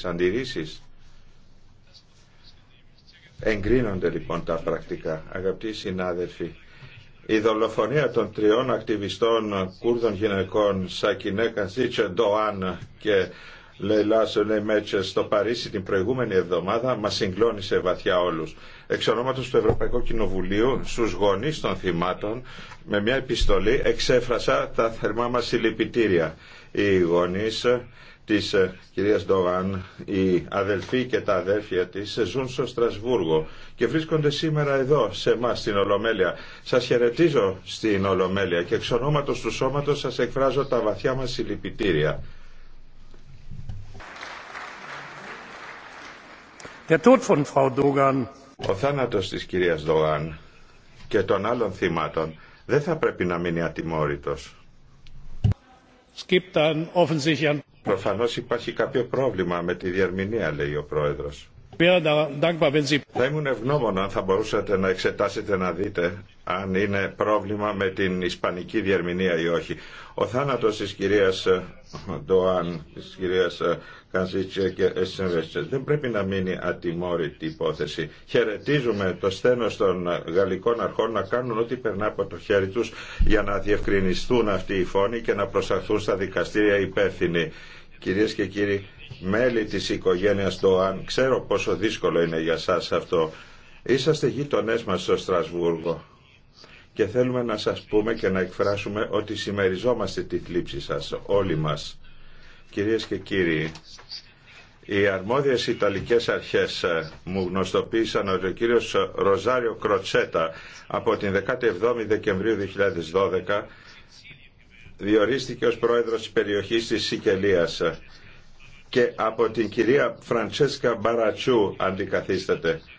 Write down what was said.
τις αντιρρήσεις. Εγκρίνονται λοιπόν τα πρακτικά. Αγαπητοί συνάδελφοι, η δολοφονία των τριών ακτιβιστών Κούρδων γυναικών Σακινέκα Καζίτσε Ντοάν και Λελά Σονεμέτσε στο Παρίσι την προηγούμενη εβδομάδα μας συγκλώνησε βαθιά όλους. Εξ ονόματο του Ευρωπαϊκού Κοινοβουλίου στου γονεί των θυμάτων με μια επιστολή εξέφρασα τα θερμά μα συλληπιτήρια. Οι γονεί της ε, κυρίας Ντογάν, οι αδελφοί και τα αδέρφια της ε, ζουν στο Στρασβούργο και βρίσκονται σήμερα εδώ σε εμά στην Ολομέλεια. Σας χαιρετίζω στην Ολομέλεια και εξ ονόματος του σώματος σας εκφράζω τα βαθιά μας συλληπιτήρια. Ο θάνατος της κυρίας Ντογάν και των άλλων θυμάτων δεν θα πρέπει να μείνει ατιμόρυτος. Es gibt Προφανώς υπάρχει κάποιο πρόβλημα με τη διερμηνία, λέει ο Πρόεδρος. Θα ήμουν ευγνώμων αν θα μπορούσατε να εξετάσετε να δείτε αν είναι πρόβλημα με την ισπανική διερμηνία ή όχι. Ο θάνατος της κυρίας ε, Ντοάν, της κυρίας ε, Κανζίτσια και δεν πρέπει να μείνει ατιμόρυτη υπόθεση. Χαιρετίζουμε το στένος των ε, γαλλικών αρχών να κάνουν ό,τι περνά από το χέρι τους για να διευκρινιστούν αυτοί οι φόνοι και να προσταθούν στα δικαστήρια υπεύθυνοι Κυρίες και κύριοι, μέλη της οικογένειας Άν, ξέρω πόσο δύσκολο είναι για σας αυτό. Είσαστε γείτονές μας στο Στρασβούργο και θέλουμε να σας πούμε και να εκφράσουμε ότι συμμεριζόμαστε τη θλίψη σας, όλοι μας. Κυρίες και κύριοι, οι αρμόδιες Ιταλικές αρχές ε, μου γνωστοποίησαν ότι ο κύριος Ροζάριο Κροτσέτα από την 17η Δεκεμβρίου 2012 διορίστηκε ως πρόεδρος της περιοχής της Σικελίας και από την κυρία Φραντσέσκα Μπαρατσού αντικαθίσταται.